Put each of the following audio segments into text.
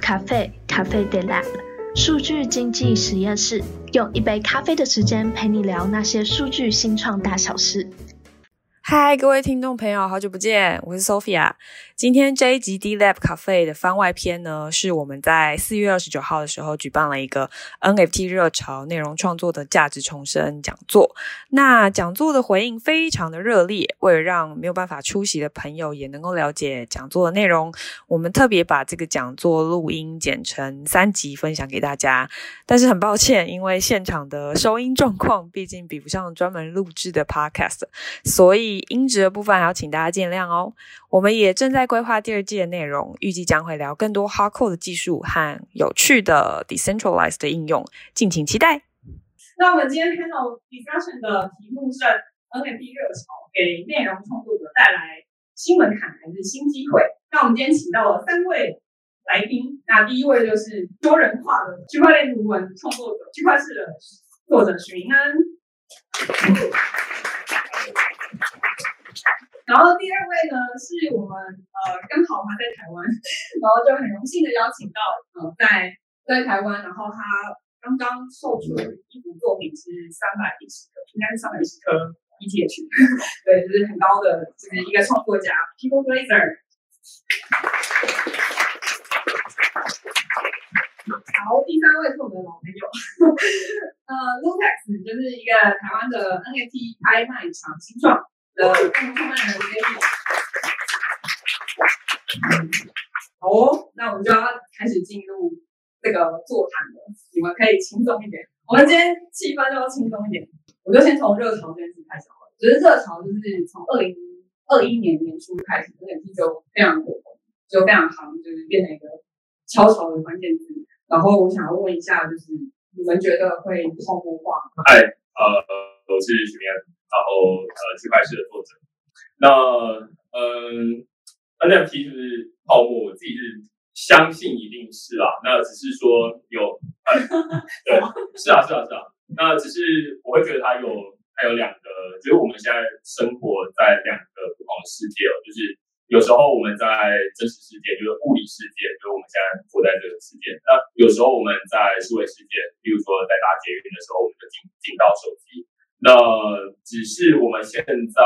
咖啡，咖啡，de lab 數據經濟實驗室，用一杯咖啡的時間陪你聊那些數據新創大小事。嗨，各位聽眾朋友，好久不見，我是 Sophia。今天這一集 D Lab Cafe 的番外篇呢，是我們在四月二十九號的時候舉辦了一個 NFT 熱潮內容創作的價值重生講座。那講座的回應非常的熱烈，為了讓沒有辦法出席的朋友也能夠了解講座的內容，我們特別把這個講座錄音剪成三集分享給大家。但是很抱歉，因為現場的收音狀況畢竟比不上專門錄製的 Podcast，所以。音質的部分，要請大家見諒哦。我們也正在規劃第二季的內容，預計將會聊更多 Hardcore 的技術和有趣的 Decentralized 的應用，敬請期待。那我們今天看到 Discussion 的題目是 NFT 熱潮給內容創作者帶來新門檻還是新機會？那我們今天請到了三位來賓，那第一位就是說人話的區塊鏈圖文創作者、區塊勢的作者許明恩。然後第二位呢，是我們呃剛好他在台灣，然後就很榮幸的邀請到呃在在台灣，然後他剛剛售出一幅作品是三百一十應該是三百一十顆 ETH，對，就是很高的，就是一個創作家 pplpleasr。 然後第三位是我們的老朋友， 呃，Lootex 就是一個台灣的 NFT 拍賣場新創。呃、嗯，共同創辦人之一。好哦，那我們就要開始進入這個座談了。你們可以輕鬆一點，我們今天氣氛，就要輕鬆一點。我就先從熱潮這件事開始好了。就是熱潮就是從二零二一年年初開始，那個球非常火紅，就非常夯，就是變成一個“超潮”的關鍵字。然後我想要問一下，就是你們覺得會超過話哎，呃，呃我是許明恩。然後，呃，區塊勢的作者，那，嗯，那其實泡沫，我自己是相信一定是啊，那只是說有，啊、對是、啊，是啊，是啊，是啊，那只是我會覺得它有，它有兩個，就是我們現在生活在兩個不同的世界哦，就是有時候我們在真實世界，就是物理世界，就是我們現在活在這個世界，那有時候我們在數位世界，例如說在搭捷運的時候，我們就進進到手機。那只是我們現在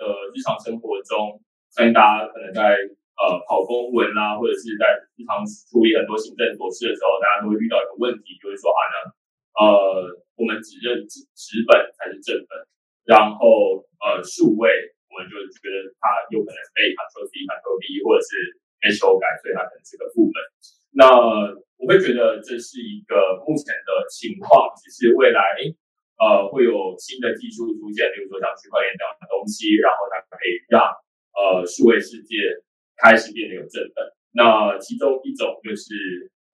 的日常生活中，相信大家可能在呃跑公文啦，或者是在日常處理很多行政瑣事的時候，大家都會遇到一個問題，就是說好像呃，我們只認紙紙本才是正本，然後呃，數位我們就覺得它有可能被 Ctrl C、Ctrl V，或者是被修改，所以它可能是個副本。那我會覺得這是一個目前的情況，只是未來。呃，會有新的技術出現，比如說像區塊鏈這樣的東西，然後它可以讓呃數位世界開始變得有正本。那其中一種就是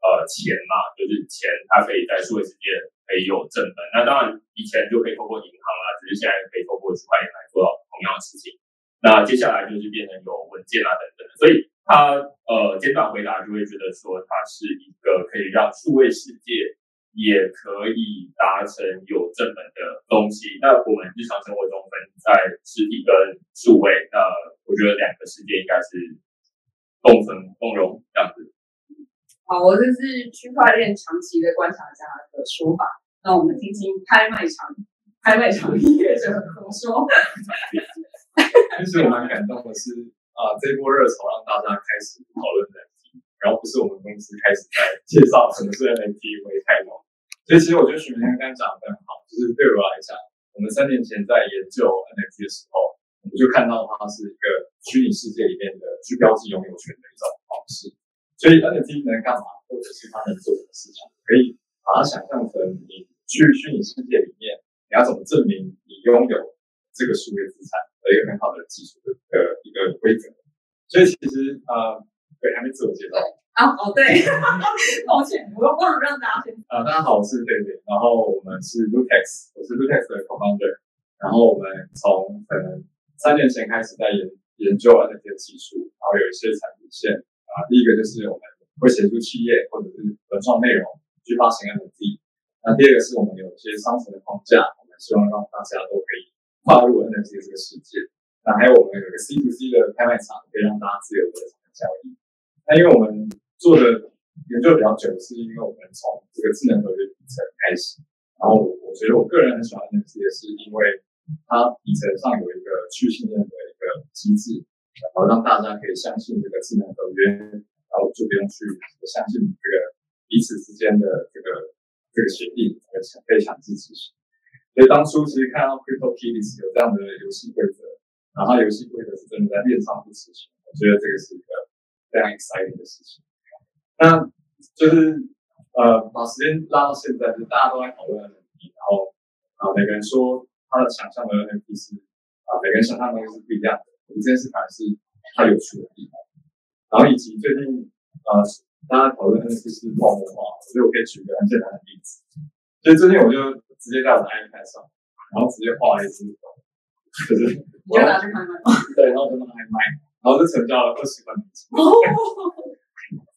呃錢嘛，就是錢它可以在數位世界可以有正本。那當然以前就可以透過銀行啦，只、就是現在可以透過區塊鏈來做到同樣的事情。那接下來就是變成有文件啊等等，所以它呃簡短回答就會覺得說它是一個可以讓數位世界也可以達成有正本的東西。那我們日常生活中分，在實體跟數位，那我覺得兩個世界應該是共生共榮這樣子。好，我這是區塊鏈長期的觀察家的說法。那我們聽聽拍賣場，拍賣場業者怎麼說。 其實我蠻感動的是，啊，這波熱潮讓大家開始討論 NFT，然後不是我們公司開始在介紹什麼是 NFT，太忙。所以，其實我覺得許明恩剛剛講的很好。就是對我來講，我們三年前在研究 NFT 的時候，我們就看到它是一個虛擬世界裡面的去標記擁有權的一種的方式。所以 NFT 能幹嘛，或者是它能做什麼事情？可以把它想象成你去虛擬世界裡面，你要怎麼證明你擁有這個數位資產的一個很好的技術的的一個，一個規則。所以其實啊、呃，對，還沒自我介紹。啊、oh, 哦、oh, 對，抱 歉，我又忘了讓大家。啊，大家好，我是 David，然後我們是 Lootex 我是 Lootex 的 co-founder，然後我們從可能三年前開始在研研究 NFT 的技術，然後有一些產品線啊，第一個就是我們會協助企業或者是文創內容去發行 NFT，那第二個是我們有一些商城的框架，我們希望讓大家都可以跨入 NFT 的這個世界。那還有我們有個 C2C 的拍賣場，可以讓大家自由的交易。那因為我們。做的研究比較久，是因為我們從這個智能合約底層開始。然後我覺得我個人很喜歡的點是因為它底層上有一個去信任的一個機制，然後讓大家可以相信這個智能合約，然後就不用去相信這個彼此之間的這個這個協議被強制執行。所以當初其實看到 CryptoKitties 有這樣的遊戲規則，然後遊戲規則是真的在鏈上被執行，我覺得這個是一個非常 exciting 的事情。那就是呃，把時間拉到現在，就是，大家都在討論的問題。然後啊，每個人說他的想象的 NFT 啊，每個人想象的東西是不一樣的。這件事當然是它有趣的地方。然後以及最近呃，大家討論的就是泡沫化。所以，我可以舉一個很簡單的例子。所以最近我就直接在我的 iPad 上，然後直接畫了一隻狗。 就是你要拿去 對，然後就準備拿賣，然後就成交了二十萬美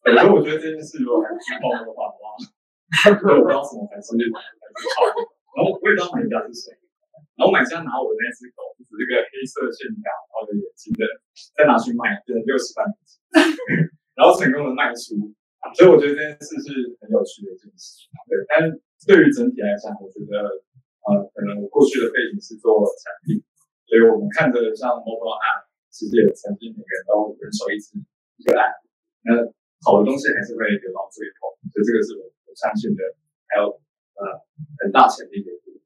所以我覺得這件事如果還舉報的話，我我不知道什麼才是被舉報。然後我也不知道買家是誰，然後買家拿我的那隻狗，就是這個黑色線條，然後眼睛的，再拿去賣，賣了六十萬美金。然後成功的賣出，所以我覺得這件事是很有趣的一件事。對，但是對於整體來講，我覺得呃，可能我過去的背景是做產品，所以我們看着像 Mobile App，其實也曾經每個人都人手一隻一個 App，那。好的東西還是會留到最後，所以這個是我我相信的，還有呃很大潛力的部分。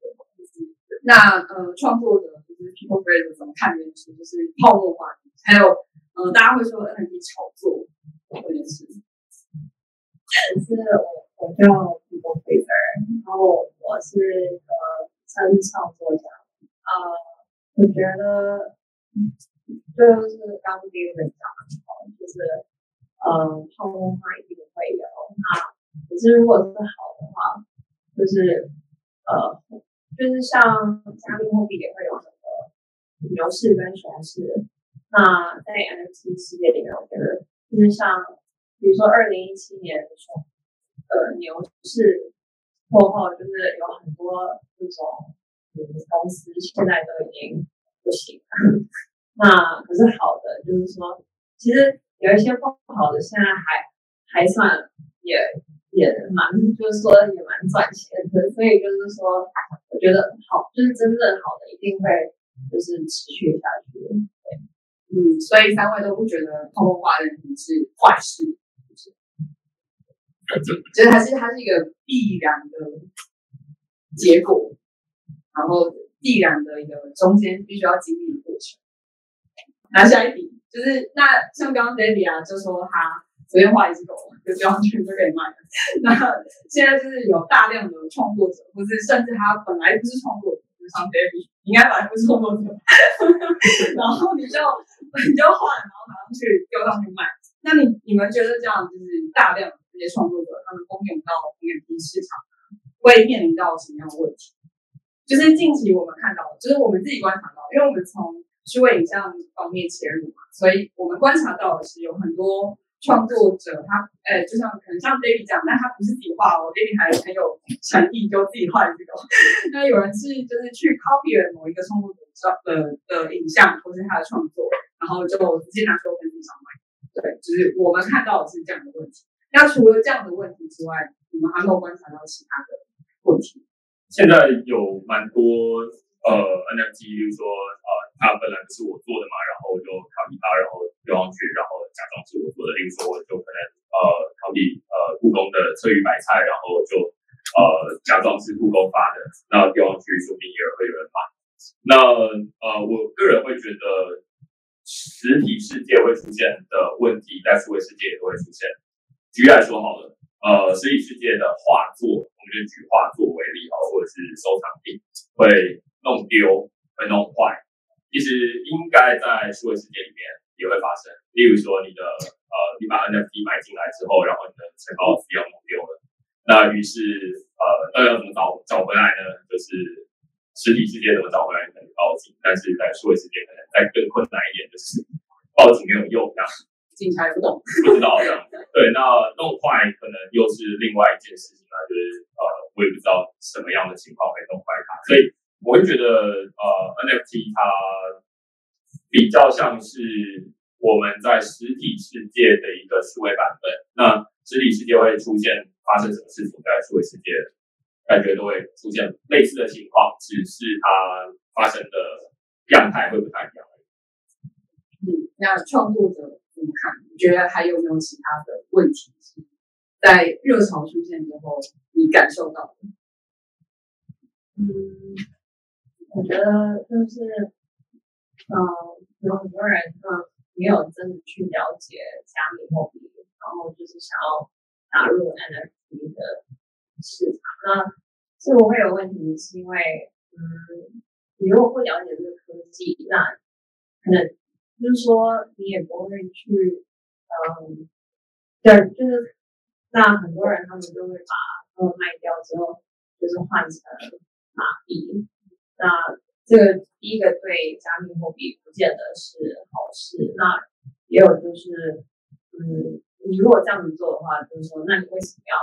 那呃，創作者就是 pplpleasr 怎麼看這件事，就是泡沫化的，還有呃，大家會說 NFT 炒作這件事情。就是、是我我叫 pplpleasr，然後我是呃，三創作家。呃，我覺得就是剛畢業的，就是。呃、嗯，泡沫化一定會有，那可是如果是好的話，就是呃，就是像加密貨幣也會有什麼牛市跟熊市。那在 NFT 世界裡面，我覺得就是像，比如說二零一七年的時候，呃，牛市過後，後就是有很多這種公司、嗯、現在都已經不行了。那可是好的，就是說其實。有一些不好的，現在還還算也也蠻，就是說也蠻賺錢的，所以就是說，我覺得好，就是真正好的一定會就是持續下去。嗯，所以三位都不覺得泡沫化問題是壞事，就是、覺得還是它是一個必然的結果，然後必然的一個中間必須要經歷的過程。那下一題，就是，那像剛剛 David 啊，就說他隨便畫一隻狗，就丟上去就可以賣了。那現在就是有大量的創作者，或是甚至他本來不是創作者，就是、像 David 應該本來不是創作者， 然後你就 你就畫，然後拿上去丟上去賣。那你你們覺得這樣就是大量的這些創作者，他們蜂擁到藝術品市場，會面臨到什麼樣的問題？就是近期我們看到，就是我們自己觀察到，因為我們從。是為影像方面切入嘛，所以我們觀察到的是有很多創作者他，他、欸、誒，就像可能像 David 講，但他不是自己畫，David 我還很有誠意，就自己畫的這個。那有人是就是去 copy 了某一個創作者的的、呃呃、影像或是他的創作，然後就直接拿去我本地上賣。對，就是我們看到的是這樣的問題。那除了這樣的問題之外，你們還沒有觀察到其他的問題？現在有蠻多。呃，NFT，就說，呃，他本來不是我做的嘛，然後我就考慮他，然後丟上去，然後假裝是我做的。例如說，我就可能呃，考慮呃，故宮的翠玉白菜，然後就呃，假裝是故宮發的，那丟上去說不定也會有人罵。那呃，我個人會覺得，實體世界會出現的問題，在數位世界也會出現。舉例來說好了，呃，實體世界的畫作，我們就舉畫作為例啊，或者是收藏品會。弄丟或弄壞，其實應該在數位世界裡面也會發生。例如說，你的呃，你把 NFT 買進來之後，然後你的錢包資料弄丟了，那於是呃，那要怎麼找找回來呢？就是實體世界怎麼找回來可能報警，但是在數位世界可能再更困難一點，就是報警沒有用呀。警察也不懂，不知道這樣 對。對，那弄壞可能又是另外一件事情，那就是呃，我也不知道什麼樣的情況會弄壞它，所以。我會覺得，呃，NFT 它比較像是我們在實體世界的一個數位版本。那實體世界會出現發生什麼事情，在數位世界感覺都會出現類似的情況，只是它發生的樣態會不太一樣。嗯，那創作者怎麼看？你覺得還有沒有其他的問題？在熱潮出現之後，你感受到的？嗯。我覺得就是，嗯、呃，有很多人，嗯，沒有真的去了解加密貨幣，然後就是想要打入 NFT 的市場。那這個會有問題，是因為，嗯，你如果不了解這個科技，那可能就是說你也不會去，嗯，對，就是那很多人他們就會把呃、嗯、賣掉之後，就是換成馬幣。那這個第一個對加密貨幣不見得是好事。嗯、那也有就是，嗯，你如果這樣子做的話，就是說，那你為什麼要？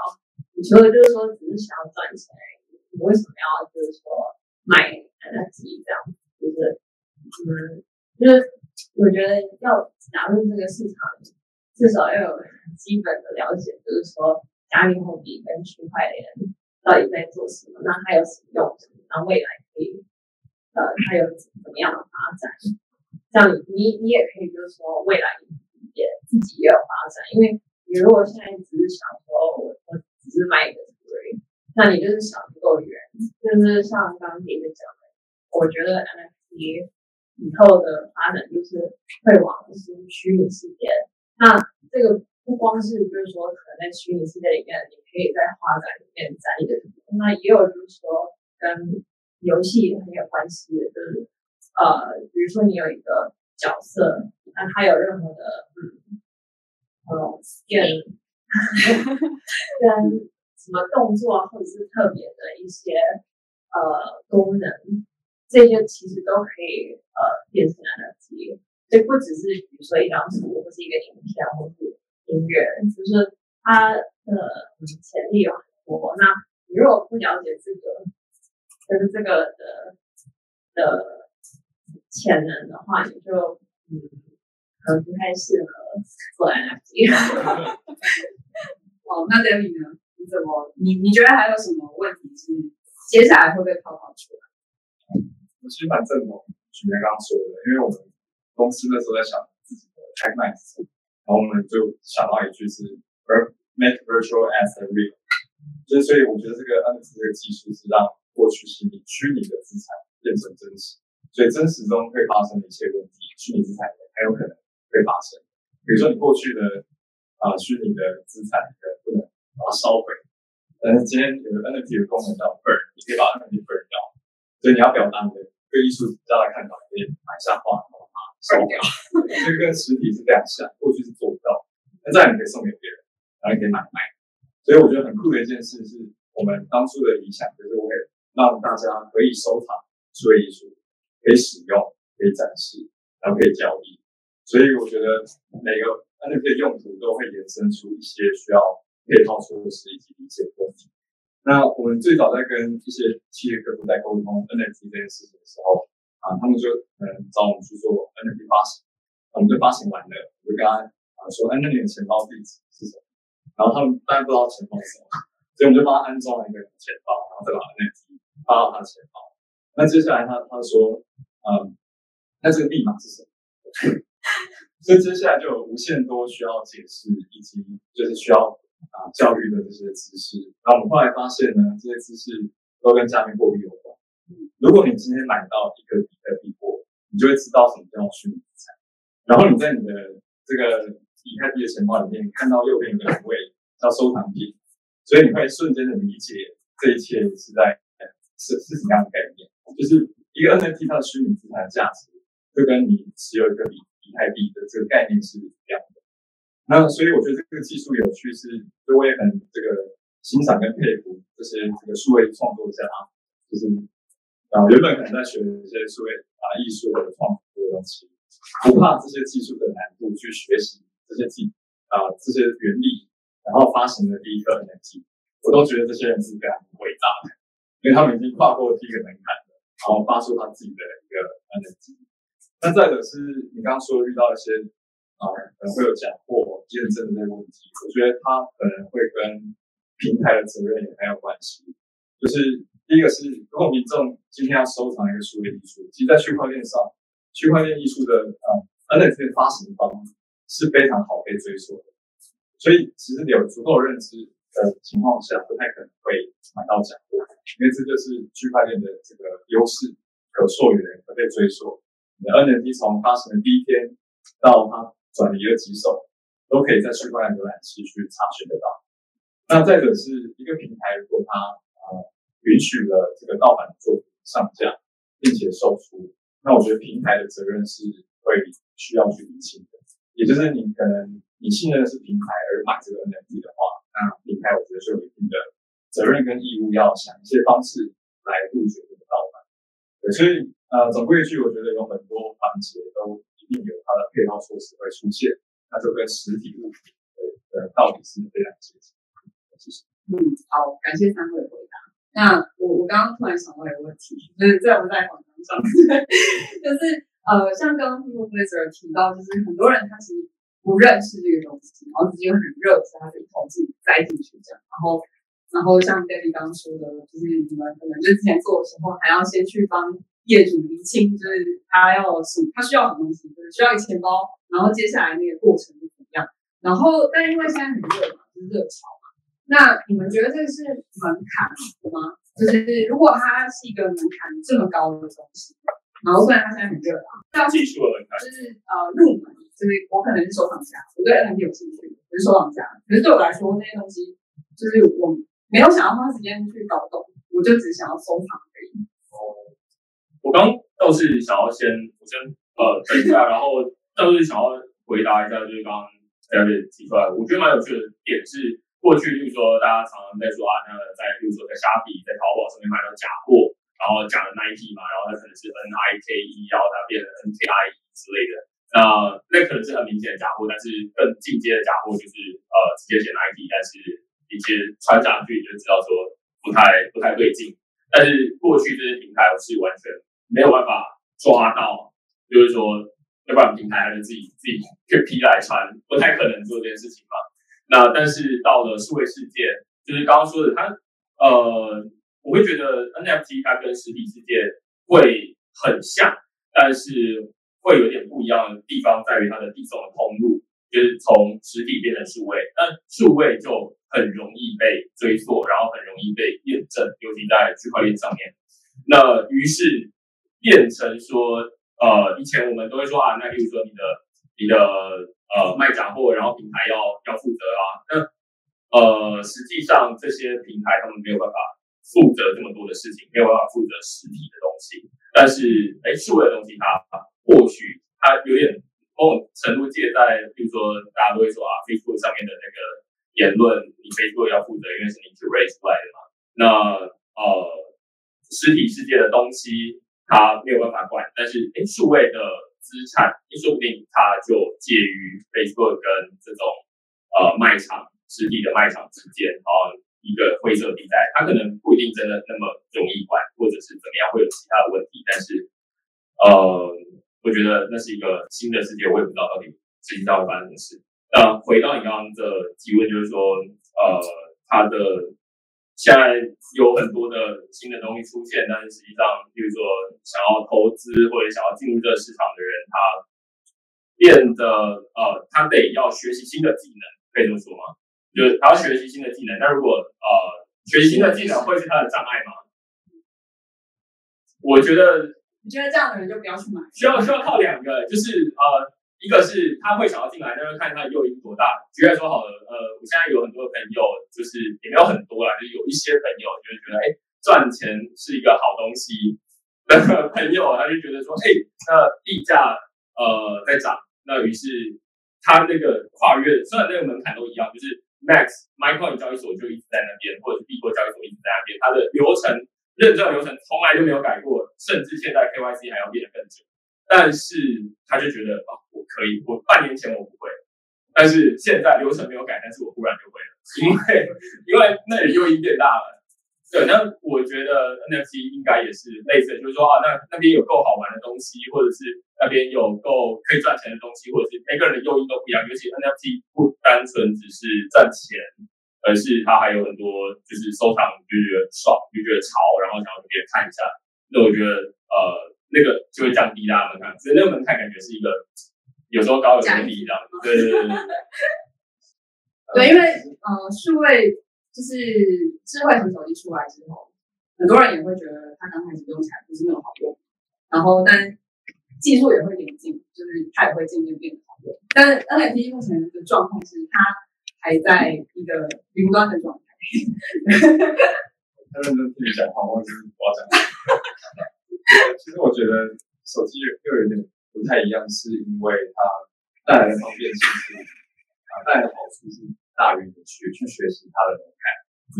你說就是說只是想要賺錢，你為什麼要就是說買 NFT 這樣？就是嗯，就是我覺得要加入這個市場，至少要有基本的了解，就是說加密貨幣跟區塊鏈到底在做什麼，那它有什麼用處，那未來可以。呃，它有怎麼樣的發展？像你，你也可以，就是說未來也自己也有發展。因為你如果現在只是想說我，我只是賣個，那你就是想不夠遠。就是像剛剛你也講的，我覺得 NFT 以後的發展就是會往是虛擬世界。那這個不光是就是說，可能在虛擬世界裡面，你可以在畫展裡面展個，那也有就是說跟。遊戲也很有關係的，就是，呃，比如說你有一個角色，那他有任何的嗯，呃，skin，跟跟什麼動作，或者是特別的一些呃功能，這些其實都可以呃變成一個職業。所以不只是比如說一張圖，或者是一個影片，或是音樂，就是他它的潛力有很多。那你如果不了解這個，就是這個的的潛能的話，你就嗯，可能不太適合做 NFT 哦。那 l i 呢？你怎麼你你覺得還有什麼問題是接下來會被拋拋出來？嗯、其實反正我前面剛剛說的，因為我們公司那時候在想自己的拍賣式，然 後、啊、我們就想到一句是“而 make virtual as the real”。 就所以我覺得這個 NFT 的技術是讓過去虛擬的資產變成真、真實，所以真實中會發生的一些問題，虛擬資產也很有、有可能會發生。比如說你過去啊的啊虛擬的資產，你可能不能把它燒毀，但是今天有個 NFT 的功能叫 burn，你可以把 NFT burn 掉。所以你要表達你的對藝術比較的看法，可以買下畫、燒掉。這 個跟實體是這樣像。過去是做不到，這樣你可以送給別人，然後你可以買賣。所以我覺得很酷的一件事是我們當初的理想，就是我會。讓大家可以收藏，所以出、可以使用、可以展示，然後可以交易。所以我覺得每個 NFT 的用途都會延伸出一些需要配套出的是一些一些問題。那我們最早在跟一些企業客戶在溝通 NFT 這件事情的時候，啊，他們就嗯找我們去做 NFT 發行，我們就發行完了，就跟他啊說 NFT 的錢包地址是什麼，然後他們當然不知道錢包是什麼，所以我們就幫他安裝了一個錢包，然後再把 NFT。發到他的錢包。那接下來他他說，嗯，那這個密碼是什麼？ 所以接下來就有無限多需要解釋以及就是需要啊教育的這些知識。那我們後來發現呢，這些知識都跟加密貨幣有關，嗯。如果你今天買到一個比特幣過，你就會知道什麼叫虛擬資產。然後你在你的這個比特幣的錢包裡面，看到右邊有兩位 叫收藏品，所以你會瞬間的理解這一切是在。是是什麼樣的概念？就是一個 NFT 它的虛擬資產的價值，就跟你持有一個比以太幣的這個概念是一樣的。那所以我覺得這個技術有趣，是所以我也很這個欣賞跟佩服這些這個數位創作家。就是啊、呃、原本可能在學的一些數位啊藝術或創作的東西，不怕這些技術的難度去學習這些技啊、呃、這些原理，然後發行了第一個 NFT，我都覺得這些人是非常偉大的。因為他們已經跨過了第一個門檻了，然後發出他自己的一個 NFT。那再者是，你剛剛說遇到一些啊，可能會有假貨、驗證的問題，我覺得它可能會跟平台的責任也很有關係。就是第一個是，如果民眾今天要收藏一個數位藝術，其實，在區塊鏈上，區塊鏈藝術的啊 NFT 發行方是非常好被追溯的。所以，其實你有足夠的認知。的情況下，不太可能會買到假貨，因為這就是區塊鏈的這個優勢，可溯源、可被追溯。你的 NFT 從發行的第一天到它轉移的幾手，都可以在區塊鏈瀏覽器去查詢得到。那再者是一個平台，如果它呃允許了這個盜版作品上架，並且售出，那我覺得平台的責任是會需要去理清的，也就是你可能你信任的是平台而買這個 NFT 的話。那平台我覺得是有一定的責任跟義務，要想一些方式來杜絕這個盜版。所以呃，總歸一句，我覺得有很多環節都一定有它的配套措施會出現，那就跟實體物品的到底是非常接近的。謝謝。嗯，好，感謝三位的回答。那我我剛剛突然想到一個問題，就、嗯、是在我們在訪談上呵呵，就是呃，像剛剛 pplpleasr 提到，就是很多人他其實。不認識這個東西，然後已經很熱，所以他就一頭栽進去這樣。然後，然後像 David 剛說的，就是你們可能就之前做的時候，還要先去幫業主釐清，就是他要什，他需要什麼東西，就是需要一個錢包。然後接下來那個過程是怎麼樣？然後，但因為現在很熱嘛，就是熱潮嘛。那你們覺得這是門檻嗎？就是如果它是一個門檻這麼高的東西，然後雖然它現在很熱，啊，但技術的門檻，就是呃入門。就是我可能是收藏家，我對 NFT 有興趣，我是收藏家。可是對我來說，那些東西就是我沒有想要花時間去搞懂，我就只想要收藏而已。哦，我剛倒是想要先，我先呃等一下， 然後倒是想要回答一下，就是剛剛大家提出來的，我覺得蠻有趣的點是，過去就是說大家常常在說啊，那個在比如說在蝦皮、在淘寶上面買到假貨，然後假的 Nike 嘛，然後它可能是 N I K E，然後它變成 N K I 之類的。呃，那可能是很明顯的假貨，但是更進階的假貨就是呃直接撿 ID，但是一些穿上去你就知道說不太不太對勁。但是過去這些平台我是完全沒有辦法抓到，就是說要不然平台還是自己自己去 p 來穿，不太可能做這件事情嘛。那但是到了數位世界，就是剛剛說的它，它呃我會覺得 NFT 它跟實體世界會很像，但是。會有點不一樣的地方，在於它的遞送的通路，就是從實體變成數位，那數位就很容易被追溯，然後很容易被驗證，尤其在區塊鏈上面。那於是變成說，呃，以前我們都會說啊，那比如說你的你的呃賣假貨，然後平台要要負責啊，那呃實際上這些平台他們沒有辦法負責這麼多的事情，沒有辦法負責實體的東西，但是誒數位的東西它。或許它有點哦，某種程度介在，比如說大家都會說啊，Facebook 上面的那個言論，你 Facebook 要負責，因為是你 to raise 出來的嘛。那呃，實體世界的東西他沒有辦法管，但是哎，數位的資產，你說不定他就介於 Facebook 跟這種呃賣場、實體的賣場之間，然、呃、一個灰色地帶，他可能不一定真的那麼容易管，或者是怎麼樣會有其他的問題，但是呃。我覺得那是一個新的世界，我也不知道到底自己在會發生什麼事。那回到你剛剛的提問，就是說，呃，他的現在有很多的新的東西出現，但是實際上，比如說想要投資或者想要進入這個市場的人，他變得呃，他得要學習新的技能，可以這麼說嗎？就是他要學習新的技能，但如果呃，學習新的技能會是他的障礙嗎？我覺得。你覺得這樣的人就不要去買，需要需要靠兩個，就是呃，一個是他會想要進來，那要看他誘因多大。舉個說好了，呃，我現在有很多朋友，就是也沒有很多啦，就有一些朋友就是覺得，哎、欸，賺錢是一個好東西。那個朋友，他就覺得說，哎、欸，那溢價呃在漲，那於是他那個跨越，雖然那個門檻都一樣，就是 Max、MaiCoin 交易所就一直在那邊，或者幣託交易所一直在那邊，它的流程，認證流程從來就沒有改過，甚至現在 KYC 還要變得更久。但是他就覺得，啊，我可以，我半年前我不會，但是現在流程沒有改，但是我忽然就會了，因為因為那裡誘因變大了。對，那我覺得 NFT 應該也是類似，就是說啊，那那邊有夠好玩的東西，或者是那邊有夠可以賺錢的東西，或者是每個人的誘因都不一樣，尤其 NFT 不單純只是賺錢。而是它還有很多，就是收藏就覺得爽，就覺得潮，然後想要給別人看一下。那我覺得，呃，那個就會降低大家門檻，所以那個門檻，感覺是一個，有時候高，有時候低的，對對對。 嗯、對，因為呃，數位就是智慧型手機出來之後，很多人也會覺得它剛開始用起來不是那麼好用，然後但技術也會改進，就是它也會漸漸變好用。但 NFT 目前的狀況是它。還在一個雲端的狀態。太認真自己講話，我就是不要講。其實我覺得手機又有一點不太一樣，是因為它帶來的方便之處，啊帶來的好處是，的處是大於你去去學習它的門檻。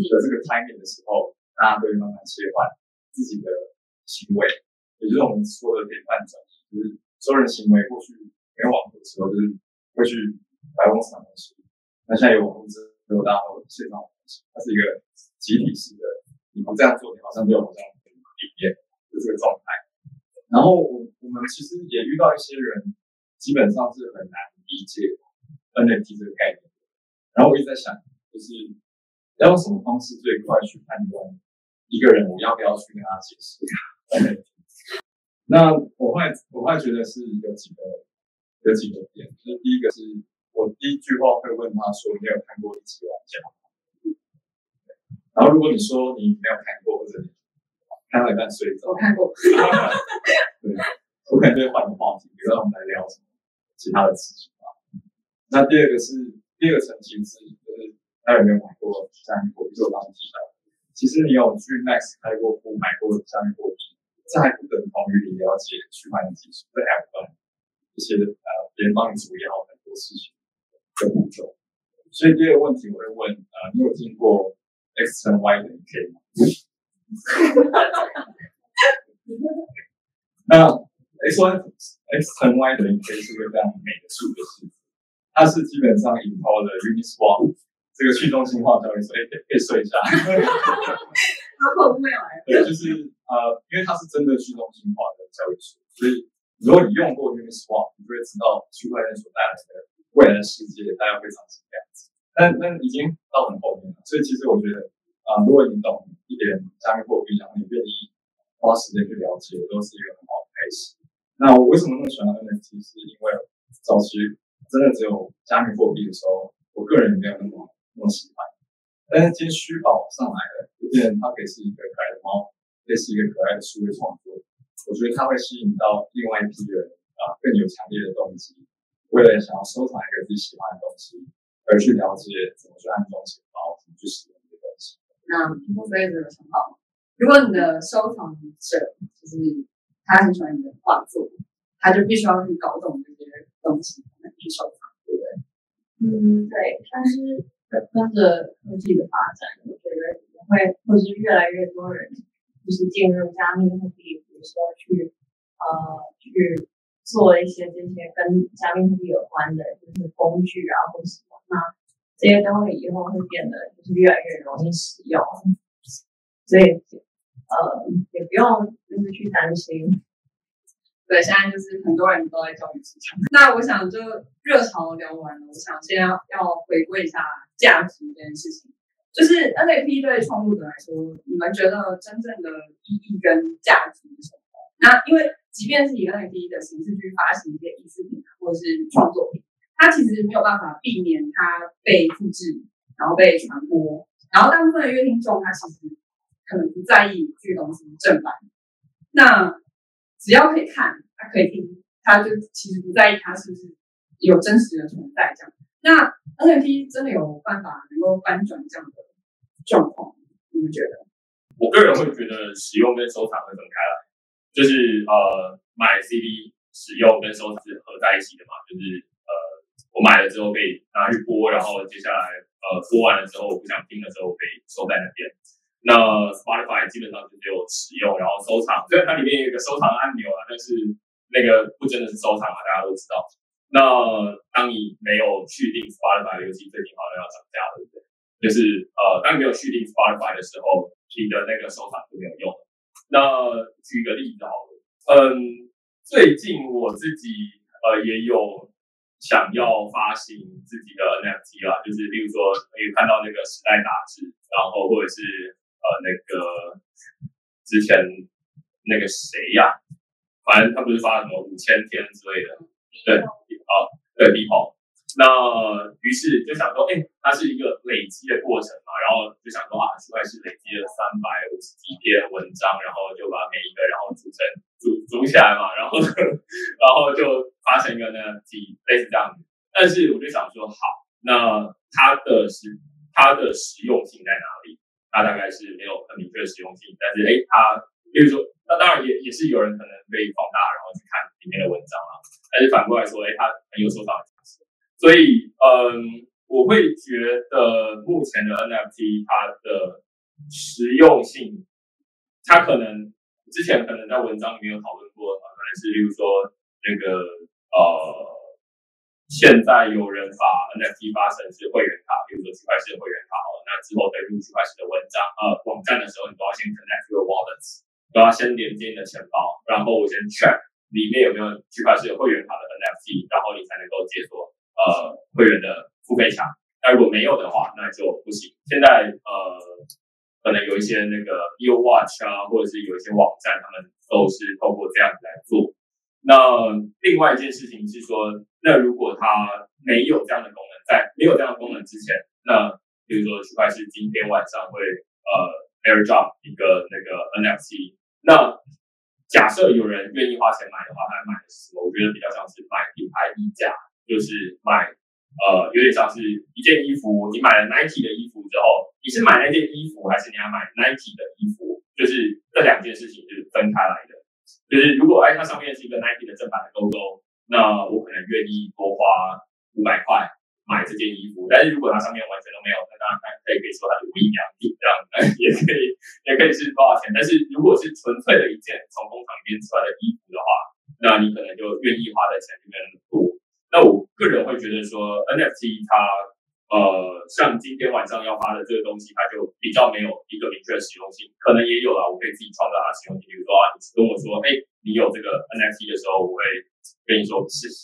有了這個 timing 的時候，大家可以慢慢切換自己的行為，也就是我們說的典範轉移。就是所有人行為過去沒網的,的時候，就是會去來網上學習。那現在有公司，沒有到現場，它是一個集體式的。你不這樣做，你好像沒有網上經驗就這、是、個狀態。然後我我們其實也遇到一些人，基本上是很難理解 NFT 這個概念。然後我一直在想，就是要用什麼方式最快去判斷一個人，我要不要去跟他解釋 NFT？那我會我會覺得是一個幾個有幾個點，就是第一個是。我第一句話會問他說：“你有看過一玩集嗎？然後如果你說你沒有看過，或者你看了一半睡着， 我我可能會換個話題，比如說我們來聊什麼其他的事情吧、嗯。那第二個是第二層，其實是就是他有沒有買過加密貨幣？因為我剛剛提到，其實你有去 Max 開過戶，買過加密貨幣，這還不等同於你了解區塊鏈技術、這 App 些呃，聯邦主也好很多事情。所以第二個問題我會問，呃，你有聽過 x 乘 y 等於 k 嗎？那 x x 乘 y 等於 k 是一個非常美的數學式子，它是基本上引爆了 Uniswap 這個去中心化交易所。哎，可以可以說一下？可不可以來？對，就是呃，因為它是真的去中心化的交易所，所以如果你用過 Uniswap，你就會知道區塊鏈所帶來的。未來的世界，大概會長成這樣子。但但已經到很後面了，所以其實我覺得啊、呃，如果你懂一點加密貨幣，然後你願意花時間去了解，都是一個很好的開始。那我為什麼那麼喜歡 NFT？是因為早期真的只有加密貨幣的時候，我個人也沒有那麼那麼喜歡。但是今天虛寶上來了，不見得它可以是一個可愛的貓，類似是一個可愛的書的創作，我覺得它會吸引到另外一批人啊，更有強烈的動機。為了想要收藏一個自己喜歡的東西，而去了解怎麼去安裝錢包，怎麼去使用這個東西。那蘋果手機的錢包？如果你的收藏者就是他很喜歡你的畫作，他就必須要去搞懂這些東西才能去收藏，對不對？嗯，對。但是跟着科技的發展，我覺得會，或是越來越多人就是進入加密貨幣，也需要去啊去。呃去做一些這些跟加密貨幣有關的，就是工具啊，或什麼，那這些東西以後會變得就是越來越容易使用，所以呃也不用就是去擔心。對，現在就是很多人都在教育市場。那我想就熱潮聊完了，我想現在要，要回歸一下價值這件事情，就是 NFT 對創作者來說，你們覺得真正的意義跟價值是什麼？那因為。即便是以 NFT 的形式去發行一些藝術品、啊、或者是創作品，它其實沒有辦法避免它被複製，然後被傳播。然後大部分的閱聽眾，他其實可能不在意這個東西是正版。那只要可以看，它可以聽，他就其實不在意它是不是有真實的存在這樣。那 NFT 真的有辦法能夠翻轉這樣的狀況？你們覺得？我個人會覺得使用跟收藏會分開來。就是呃，買 CD 使用跟收藏是合在一起的嘛？就是呃，我買了之後可以拿去播，然後接下來呃播完了之後，不想聽了之後可以收在那邊。那 Spotify 基本上就只有使用，然後收藏，雖然它裡面有一個收藏按鈕啊，但是那個不真的是收藏啊，大家都知道。那當你沒有續訂 Spotify，尤其最近好像要漲價了，對不對？就是呃，當你沒有續訂 Spotify 的時候，你的那個收藏就沒有用了。那舉個例子好了，嗯，最近我自己呃也有想要發行自己的 NFT 啦，就是例如說可以看到那個時代雜誌，然後或者是呃那個之前那個誰呀、啊，反正他不是發什麼五千天之類的，對，嗯、對好，對，Beeple。那於是就想說，哎、欸，它是一個累積的過程嘛，然後就想說啊，大概是累積了三百五十幾篇文章，然後就把每一個然後組成組組起來嘛，然後然後就發生一個呢，幾類似這樣。但是我就想說，好，那它的實它的實用性在哪裡？它大概是沒有很明確的實用性，但是哎、欸，它比如說，那當然也也是有人可能被放大，然後去看裡面的文章啊，但是反過來說，哎、欸，它很有說法。所以，嗯，我會覺得目前的 NFT 它的實用性，它可能之前可能在文章裡面有討論過，可能是，例如說那個呃，現在有人把 NFT 發成是會員卡，比如說區塊鏈會員卡哦，那之後登錄區塊鏈的文章呃網站的時候，你都要先 connect your wallets，都要先連接你的錢包，然後我先 check 裡面有沒有區塊鏈會員卡的 NFT，然後你才能夠解鎖。呃，會員的付費牆，那如果沒有的話，那就不行。現在呃，可能有一些那個 U Watch 啊，或者是有一些網站，他們都是透過這樣子來做。那另外一件事情是說，那如果他沒有這樣的功能，在沒有這樣的功能之前，那比如說區塊勢今天晚上會呃 Air Drop 一個那個 NFT，那假設有人願意花錢買的話，他還買的時候，我覺得比較像是買品牌溢價。就是買，呃，有點像是一件衣服，你買了 Nike 的衣服之後，你是買那件衣服，還是你要買 Nike 的衣服？就是這兩件事情是分開來的。就是如果哎，它上面是一個 Nike 的正版的勾勾，那我可能願意多花五百塊買這件衣服。但是如果它上面完全都沒有，那當然它可以可以說它是無印良品，這樣也可以，也可以是多少錢。但是如果是純粹的一件從工廠裡面出來的衣服的話，那你可能就願意花的錢就沒那麼多。那我個人會覺得說，NFT 它，呃，像今天晚上要發的這個東西，它就比較沒有一個明確的實用性。可能也有啦，我可以自己創造它實用性，比如說啊，你跟我說，哎，你有這個 NFT 的時候，我會跟你說謝謝，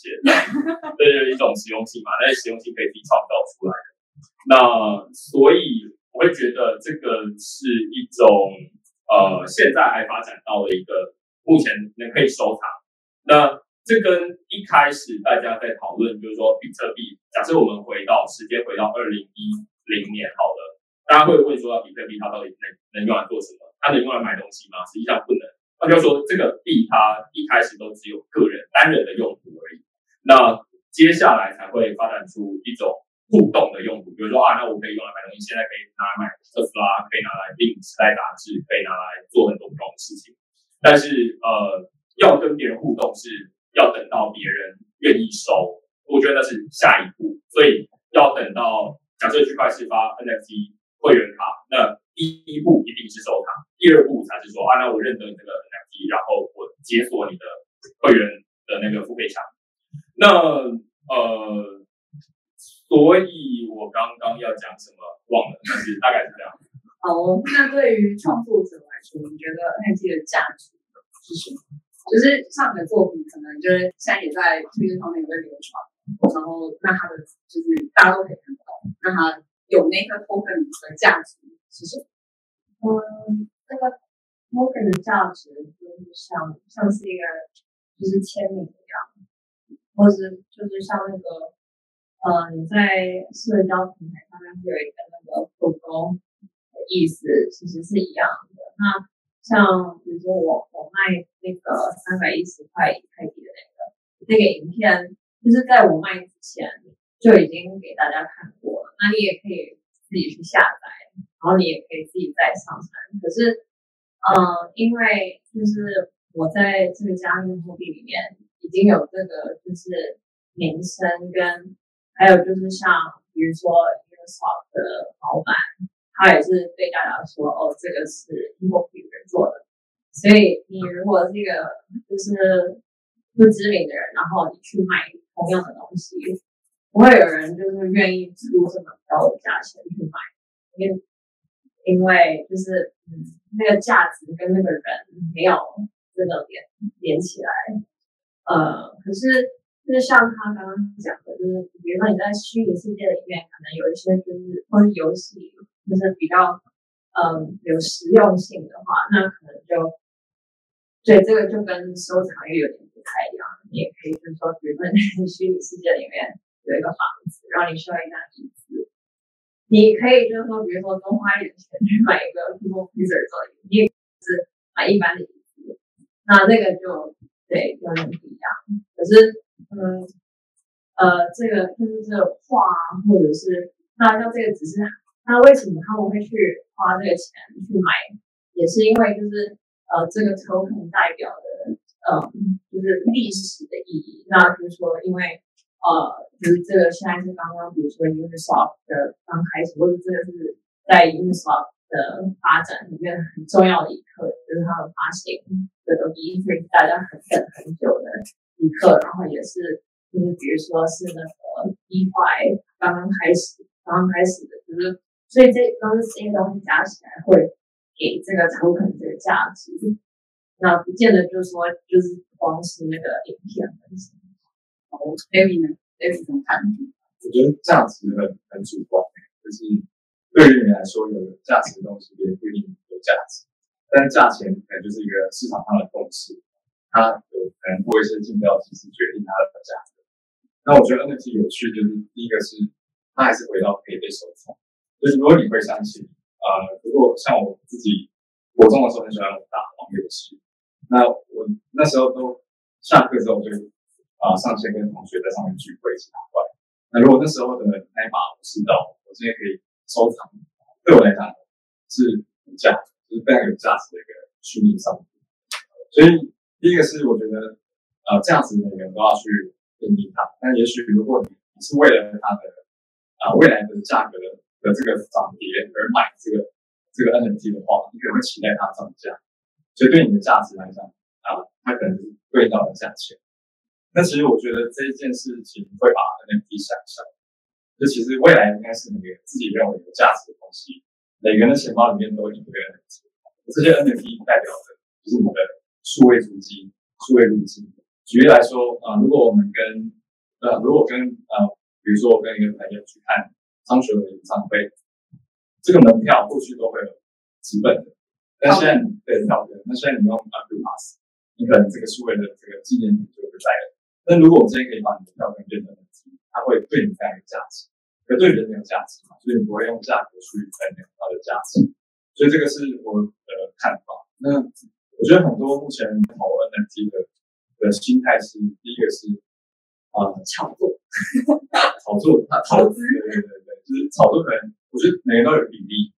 這 是一種實用性嘛？那實用性可以自己創造出來的。那所以我會覺得這個是一種，呃，現在還發展到了一個目前能可以收藏。那這跟一開始大家在討論，就是說，比特幣。假設我們回到時間，回到二零一零年，好了，大家會問說，比特幣它到底能能用來做什麼？它能用來買東西嗎？實際上不能。那就說，這個幣它一開始都只有個人單人的用途而已。那接下來才會發展出一種互動的用途，比如說啊，那我可以用來買東西。現在可以拿來買特斯拉，可以拿來訂時代雜誌，可以拿來做很多不同的事情。但是呃，要跟別人互動是。要等到別人願意收，我覺得那是下一步。所以要等到假設區塊勢發 NFT 會員卡，那第一步一定是收卡，第二步才是說啊，那我認得你這個 NFT，然後我解鎖你的會員的那個付費牆。那呃，所以我剛剛要講什麼忘了，但是大概是這樣。 哦，那對於創作者來說，你覺得 NFT 的價值是什麼？就是上的作品，可能就是現在也在推薦方面也在流傳，然後那他的就是大家都可以看到，那他有那個 t o k e n 的價值。其實，嗯，那個 t o k e n 的價值就是像像是一個就是簽名一樣，或者就是像那個呃你在社交平台上面有一個那個狗 o 的意思，其實是一樣的。那。像比如說我我賣那個三百一十塊以太幣的那個、這個影片，就是在我賣之前就已經給大家看過了。那你也可以自己去下載，然後你也可以自己再上傳。可是，呃因為就是我在這個加密貨幣裡面已經有這個，就是名聲跟還有就是像比如說 Uniswap 的老闆。他也是對大家說：“哦，這個是某個人做的，所以你如果是一個就是不知名的人，然後你去買同樣的東西，不會有人就是願意出這麼高的價錢去買，因為因為就是那個價值跟那個人沒有這個連連起來，呃，可是。”就是像他剛剛講的，就是比如說你在虛擬世界裡面，可能有一些就是關於遊戲，就是比較，嗯，有實用性的話，那可能就，所以這個就跟收藏又有點不太一樣。你也可以就是說，比如說你在虛擬世界裡面有一個房子，然後你需要一張椅子，你可以就是說，比如說多花一點錢去買一個自動椅子坐椅子，買一般的椅子，那那個就對，有點不一樣。可是。嗯，呃，這個就是這個畫，或者是那像這個，只是那為什麼他們會去花這個錢去買？也是因為就是呃，這個 token 代表的呃，就是歷史的意義。那就是說，因為呃，就是這個現在是剛剛，比如說 EOS 的剛開始，或者這個是在 EOS 的發展裡面很重要的一刻，就是他們發現的東西，是大家很等很久的。一克， 然後也是就是，比如說是那個一壞剛剛開始，剛剛開始的就是，所以這東西東西加起來會給這個產品這個價值，那不見得就是說就是光是那個影片本身。哦，David 呢？David 怎麼看？我覺得價值很很主觀，就是對於你來說，有價值的東西也不一定有價值，但是價錢可能就是一個市場上的共識，它，可能做一些競標機制，決定它的價值。那我覺得 NFT 有趣，就是第一個是它還是回到可以被收藏。就是如果你會相信，呃，如果像我自己，國中的時候很喜歡我打網絡遊戲，那我那時候都下課之後，就啊、呃、上線跟同學在上面聚會一起打怪。那如果那時候的那一把武士刀，我知道，我今天可以收藏，啊，對我來講是無價，就是非常有價值的一個虛擬商品。所以。第一個是我覺得，呃，價值每個人都要去認定它。但也許如果你是為了它的啊、呃、未來的價格的這個漲跌而買這個這個 NFT 的話，你可能會期待它漲價。所以對你的價值來講，啊、呃，它可能是貴到了價錢。那其實我覺得這一件事情會把 NFT 想象，就其實未來應該是你自己認為有價值的東西，每個人的錢包裡面都有一個 NFT。這些 NFT 代表的就是你的。數位足跡，數位足跡。舉例來說，啊、呃，如果我們跟，呃，如果跟，呃，比如說我跟一個朋友去看張學友演唱會，這個門票過去都會有紙本的。但現在你、啊、對，票券。那現在你用 Apple Pass，你可能這個數位的這個紀念品就不在了。那如果我們今天可以把你的票券變成，它會對你帶來價值，可對人沒有價值嘛？所以你不會用價格去衡量它的價值。所以這個是我的看法。那。我覺得很多目前炒 NFT 的這個的心態是，第一個是啊、嗯、炒作，炒作，他投資，對對對，就是炒作。可能我覺得每個人都有比例，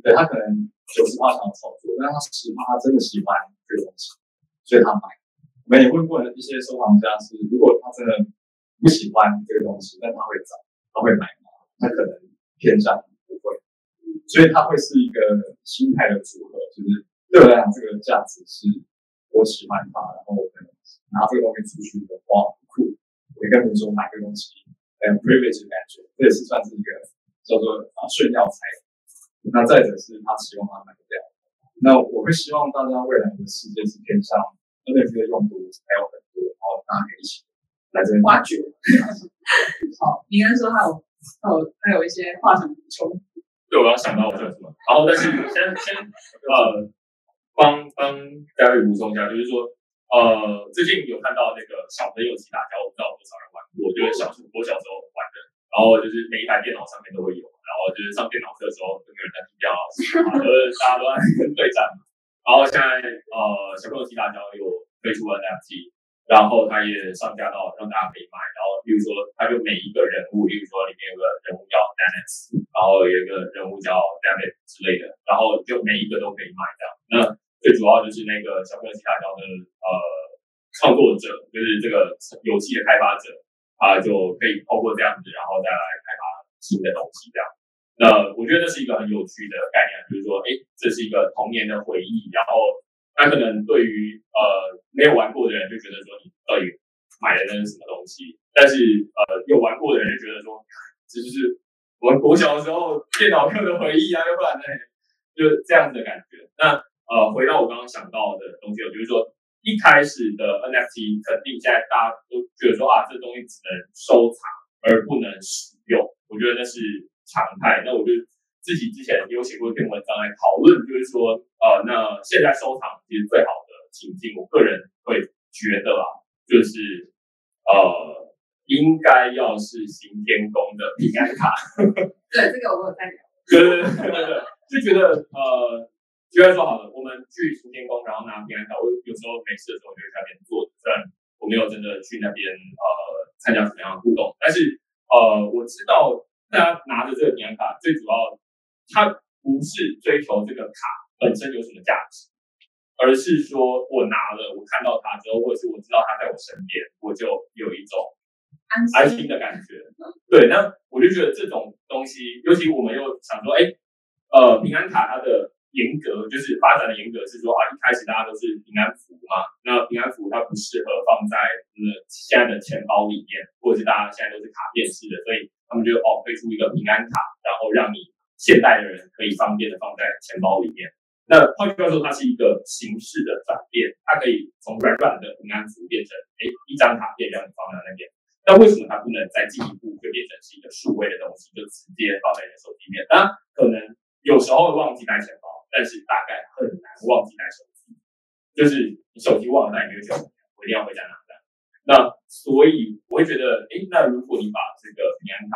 對他可能90%想炒作，但他10%他真的喜歡這個東西，所以他買。我們也問過一些收藏家是，如果他真的不喜歡這個東西，那他會漲，他會買嗎？他可能偏向不會，所以他會是一個心態的組合，就是。對我來講，這個價值是我喜歡它，然後我可能拿這個東西出去的話，酷，我跟別人說買個東西很 private 的感覺，這也是算是一個叫做啊炫耀財富。那再者是他希望他賣掉。那我會希望大家未來的世界是偏向，而且這個用途還有很多，然後大家一起來這邊挖掘。 好，你剛說他有，他有，他有一些話想補充。對我要想到我叫什麼，然後但是先 先，先呃。幫幫，幫幫大家補充一下，就是說，呃，最近有看到那個小朋友齊打交，我不知道有多少人玩過。就是小時候，我小時候玩的，然後就是每一台電腦上面都會有，然後就是上電腦課的時候，就沒有人在聽講，就是大家都在對戰嘛。 然後現在呃，小朋友齊打交又推出了 NFT，然後他也上架到讓大家可以買。然後，比如說，他就每一個人物，比如說裡面有個人物叫 Dennis，然後有個人物叫 David 之類的，然後就每一個都可以買這樣。那最主要就是那個小朋友齊打交的呃創作者，就是這個遊戲的開發者，他就可以透過這樣子，然後再來開發新的東西這樣。那我覺得這是一個很有趣的概念，就是說，哎，這是一個童年的回憶，然後。他可能對於呃沒有玩過的人就覺得說你到底買了那是什麼東西，但是呃有玩過的人就覺得說這就是我們國小的時候電腦課的回憶啊，要不然呢，就這樣的感覺。那呃回到我剛剛想到的東西，就是說一開始的 NFT 肯定現在大家都覺得說啊，這東西只能收藏而不能使用，我覺得那是常態。那我就。自己之前有寫過一篇文章來討論，就是說，呃，那現在收藏其實最好的情境，我個人會覺得吧，啊，就是呃，應該要是行天宮的平安卡。對，這個我有代表。對，對對，對，對 就覺得呃，覺得說好了，我們去行天宮，然後拿平安卡，我有時候沒事的時候就在那邊坐，雖然我沒有真的去那邊呃參加什麼樣的互動。但是呃，我知道大家拿着這個平安卡最主要。他不是追求這個卡本身有什麼價值，而是說我拿了，我看到它之後，或者是我知道它在我身邊，我就有一種安心的感覺。對，那我就覺得這種東西，尤其我們又想說，哎，呃，平安卡它的沿革就是發展的沿革是說啊，一開始大家都是平安符嘛，那平安符它不適合放在那，現在的錢包裡面，或者是大家現在都是卡片式的，所以他們就哦推出一個平安卡，然後讓你。現代的人可以方便的放在錢包裡面。那換句話說，它是一個形式的轉變，它可以從軟軟的平安符變成哎一張卡片，讓你放在那邊。那為什麼它不能再進一步就變成是一個數位的東西，就直接放在你的手機裡面？當然，可能有時候會忘記帶錢包，但是大概很難忘記帶手機。就是你手機忘帶，你就講我一定要回家拿的。那所以我會覺得，哎、欸，那如果你把這個平安卡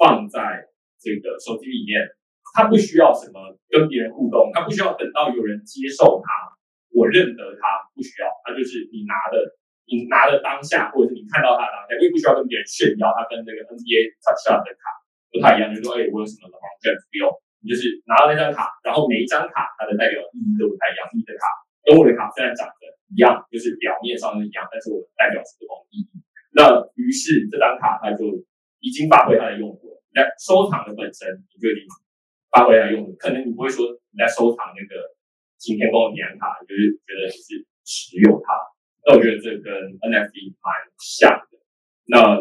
放在這個手機裡面。他不需要什麼跟別人互動，他不需要等到有人接受他，我認得他，不需要。他就是你拿的，你拿的當下，或者是你看到他當下，又不需要跟別人炫耀。他跟那個 NBA Top Shot 的卡不太一樣，就是說，哎、欸，我有什麼的，麼 j 不用，你就是拿到那張卡，然後每一張卡它的代表的意義都不太一樣。你的卡，跟我的卡雖然長得一樣，就是表面上的一樣，但是我代表不同意義。那於是這張卡它就已經發揮它的用途了。那收藏的本身你就地發回來用，的，可能你不會說你在收藏那個今天公牛卡，就是覺得你是持有它，那我覺得這跟 NFT 蠻像的。那。